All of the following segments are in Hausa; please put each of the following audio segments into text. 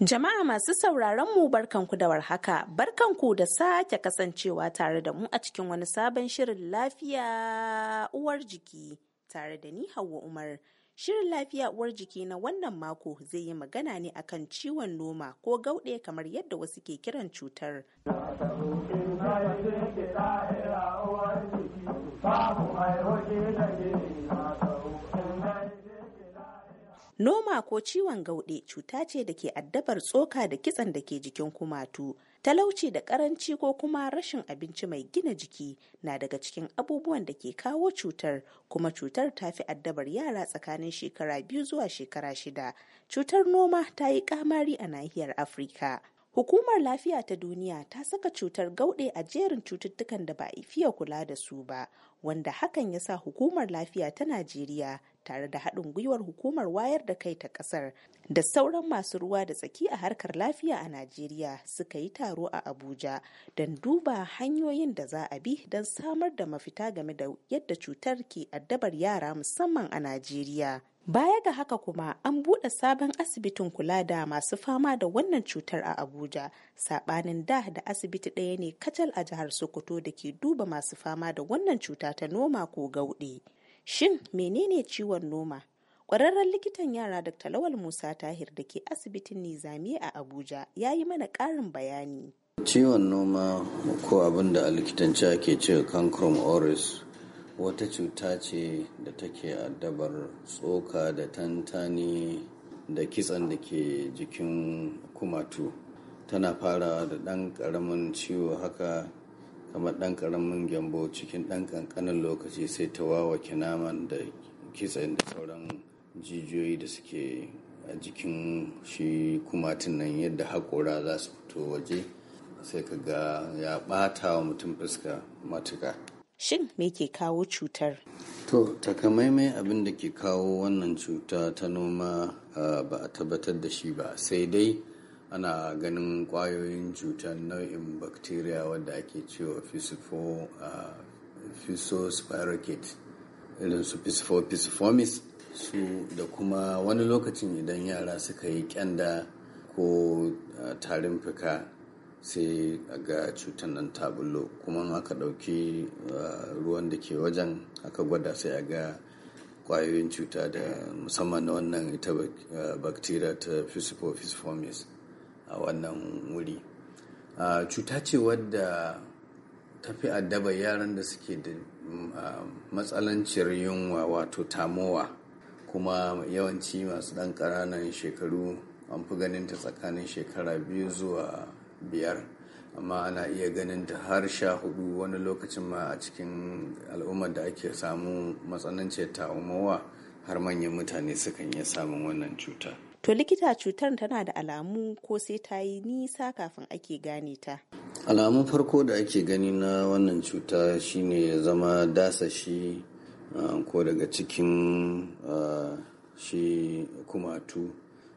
Jama'a masu sauraron mu barkanku da warhaka, barkanku da sake kasancewa tare da mu a cikin wani sabon shirin lafiya uwar jiki tare da ni Hauwa Umar. Shirin lafiya uwar jiki na wannan mako zai yi magana ne akan ciwon noma ko gauɗe kamar yadda wasu ke kiran cutar. Ba Noma ko ciwon gauɗe cuta ce da ke addabar tsoka da kitson da ke jikin kumatu. Talauci da ƙaranci ko kuma rashin abinci mai gina jiki na daga cikin abubuwan da ke kawo cutar, kuma cutar ta fi addabar yara tsakanin shekara biyu zuwa shekara shida. Cutar noma ta yi kamari a nahiyar Afirka. Hukumar Lafiya ta Duniya ta saka cutar gauɗe a jerin cututtukan da ba a fiye kula da su ba, wanda hakan ya sa Hukumar Lafiya ta Najeriya tare da haɗin gwiwar hukumar wayar da kai ta ƙasar da sauran masu ruwa da tsaki a harkar lafiya a Najeriya suka yi taro a Abuja don duba hanyoyin da za a bi don samar da mafita game da yadda cutar ke addabar yara musamman a Najeriya. Baya ga haka kuma an buɗe sabon asibitin kula da masu fama da wannan cutar a Abuja, saɓanin da da asibiti ɗaya ne kacal a jihar Sokoto da ke duba masu fama da wannan cuta ta noma ko gauɗe. Shin menene ciwon noma? Ƙwararren likitan yara Dr. Lawal Musa Tahir da ke asibitin Nizami a Abuja ya yi mana ƙarin bayani. Ciwon noma ko abin da a likitanci ake ce cancrum oris wata cuta ce da take addabar tsoka da tantani da kitsan da ke jikin kumatu. Tana fara da ɗan ƙaramin ciwo haka kamar ɗan ƙaramin gyambo cikin ɗan ƙanƙanin lokaci sai ta wawake naman da kitsen da sauran jijiyoyi da suke a jikin shi kumatin nan yadda haƙora za su fito waje sai ka ga ya ɓata wa mutum fuska matuka. Shin me ke kawo cutar? To, takamaimai abin da ke kawo wannan cuta ta noma ah, ba a tabbatar da shi ba sai dai ana ganin kwayoyin cutar nau'in bacteria wadda ake cewa physospirocate irin su pisiformis su da kuma wani lokacin idan yara suka yi kyanda ko tarin fuka sai ga cutar nan ta kuma aka ɗauki ruwan da ke wajen aka gwada sai a ga kwayoyin cuta da musamman na wannan ita bacteria ta physicophysformis a wannan wuri cuta ce wadda ta fi addaba yaran da suke da matsalanciyar yunwa wato tamowa kuma yawanci masu ɗan ƙananan shekaru an fi ganin ta tsakanin shekara biyu zuwa biyar amma ana iya ganin ta har sha hudu wani lokacin ma a cikin al'ummar da ake samu matsananciyar tamowa har manyan mutane sukan iya samun wannan cuta. To likita cutar tana da alamu ko sai ta yi nisa kafin ake gane ta. Alamun farko da ake gani na wannan cuta shine ya zama shi ko daga cikin shi kumatu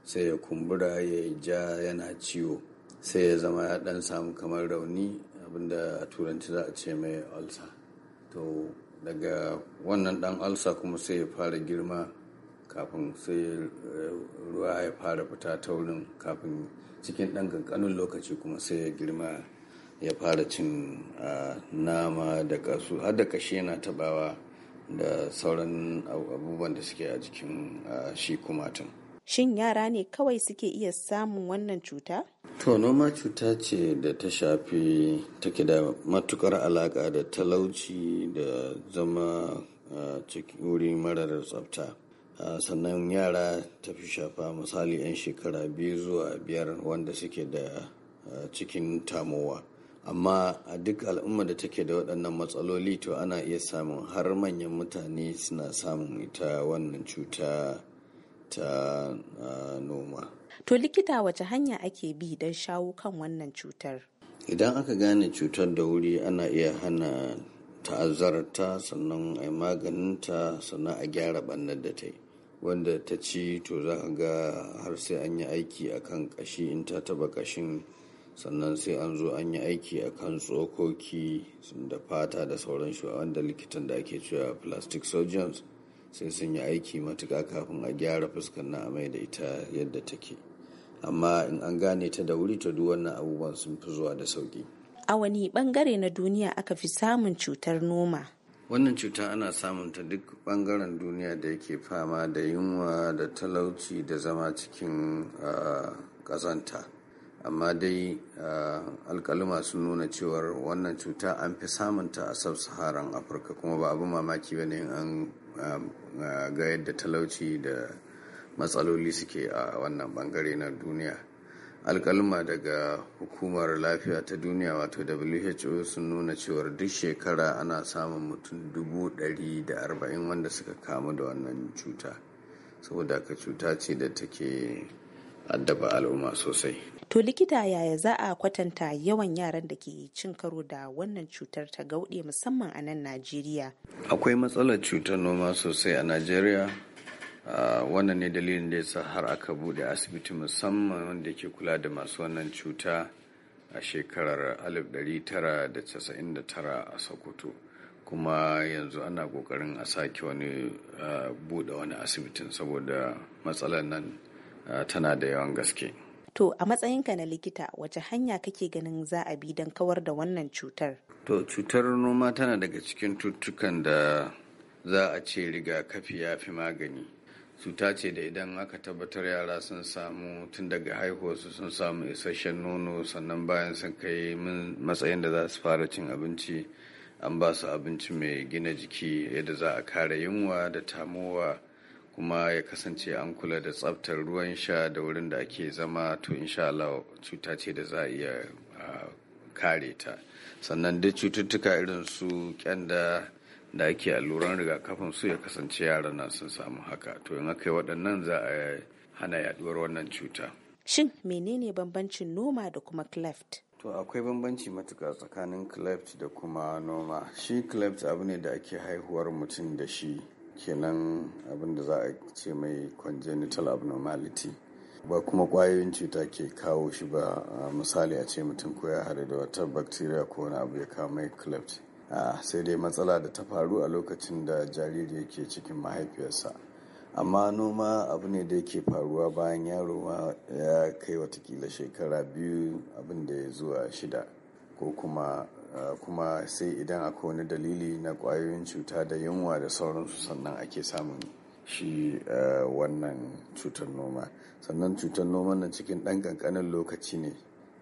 sai ya kumbura ya ja yana ciwo sai ya zama ya dan samu kamar rauni abinda a turanci za a ce mai ulcer. To daga wannan dan alsa kuma sai ya fara girma kafin sai eh, ruwa ya fara fita ta wurin kafin cikin dan kankanin lokaci kuma sai ya girma ya fara cin ah, nama da kasu har da kashi yana tabawa da sauran abubuwan da suke a jikin ah, shi tun. Shin yara ne kawai suke iya samun wannan cuta? To noma cuta ce da ta shafi take da matukar alaka da talauci da zama cikin wuri marar tsafta. sannan yara ta fi shafa misali 'yan shekara biyu zuwa biyar wanda suke da cikin tamowa amma a duk al'umma da take da waɗannan matsaloli to ana iya samun har manyan mutane suna samun ita wannan cuta ta ah, noma. To likita wace hanya ake bi don shawo kan wannan cutar? Idan aka gane cutar da wuri ana iya hana ta'azarta sannan a yi maganinta sannan a gyara bannar da ta yi. Wanda ta ci to za a ga har sai an yi aiki a kan ƙashi in ta taɓa ƙashin sannan sai an zo an yi aiki a kan tsokoki da fata da sauran shi wanda likitan da ake cewa plastic surgeons sai sun yi aiki matuka kafin a gyara fuskar na amai da ita yadda take amma in an gane ta da wuri ta duk wannan abubuwan sun fi zuwa da sauƙi a wani bangare na duniya aka fi samun cutar noma wannan cuta ana samun ta duk ɓangaren duniya da yake fama da yunwa da talauci da zama cikin ah, ƙazanta amma dai alkaluma sun nuna cewar wannan cuta an fi samunta a sub-saharan afirka kuma ba abin mamaki ba ne an ga yadda talauci da matsaloli suke a wannan bangare na duniya alkaluma daga hukumar lafiya ta duniya wato who sun nuna cewar duk shekara ana samun mutum dubu da arba'in wanda suka kamu da wannan cuta saboda ka cuta ce da take addaba al'umma sosai. To likita yaya za a kwatanta yawan yaran da ke cin karo da wannan cutar ta gauɗe musamman a nan Najeriya? Akwai matsalar cutar noma sosai a Najeriya. Ah, wannan ne dalilin da yasa har aka buɗe asibiti musamman wanda ke kula da masu wannan cuta a shekarar 1999 a Sokoto. kuma yanzu ana kokarin a sake wani ah, buɗe wani asibitin saboda matsalar nan tana da yawan gaske. To a matsayinka na likita wace hanya kake ganin za a bi don kawar da wannan cutar? To cutar noma tana daga cikin cututtukan da za a ce rigakafi ya fi magani. Cuta ce da idan aka tabbatar yara sun samu tun daga haihuwarsu sun samu isasshen nono sannan bayan sun kai matsayin da za su fara cin abinci an ba su abinci mai gina jiki yadda za a kare yunwa da tamowa. kuma ya kasance an kula da tsaftar ruwan sha da wurin da ake zama to insha Allah cuta ce da za a iya kare ta sannan duk cututtuka irin su kyanda da ake alluran rigakafin su ya kasance yaran na sun samu haka to in aka yi waɗannan za a hana yaduwar wannan cuta shin menene bambancin noma da kuma cleft to akwai bambanci matuka tsakanin cleft da kuma noma shi cleft abu ne da ake haihuwar mutum da shi kenan abin da za a ce mai congenital abnormality ba kuma kwayoyin cuta ke kawo shi ba misali a ce mutum ko ya hada da wata bacteria ko wani abu ya mai cleft sai dai matsala da ta faru a lokacin da jariri yake cikin mahaifiyarsa amma noma abu ne da yake faruwa bayan yaro ya kai watakila shekara biyu abin da ya zuwa shida ko kuma eh, kuma sai idan akwai wani dalili na kwayoyin cuta da yunwa da sauransu sannan ake samun shi eh, wannan cutar noma sannan cutar noma na cikin ɗan ƙanƙanin lokaci ne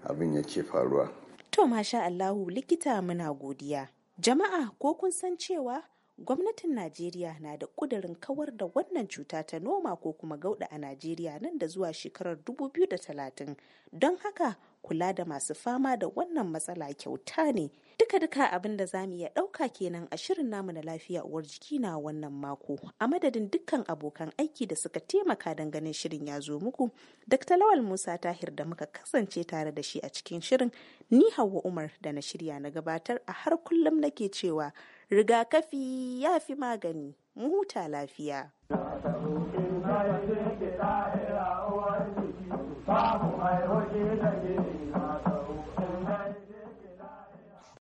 abin yake faruwa to masha allahu likita muna godiya jama'a ko kun san cewa gwamnatin najeriya na da ƙudurin kawar da wannan cuta ta noma ko kuma gauda a najeriya nan da zuwa shekarar 2030 don haka kula da masu fama da wannan matsala kyauta ne duka-duka abin da za mu iya ɗauka kenan a shirin namu na lafiya uwar jiki na wannan mako a madadin dukkan abokan aiki da suka taimaka don ganin shirin ya zo muku dr lawal musa tahir da muka kasance tare da shi a cikin shirin ni hawa umar da na shirya na gabatar a har kullum nake cewa rigakafi ya fi magani mu huta lafiya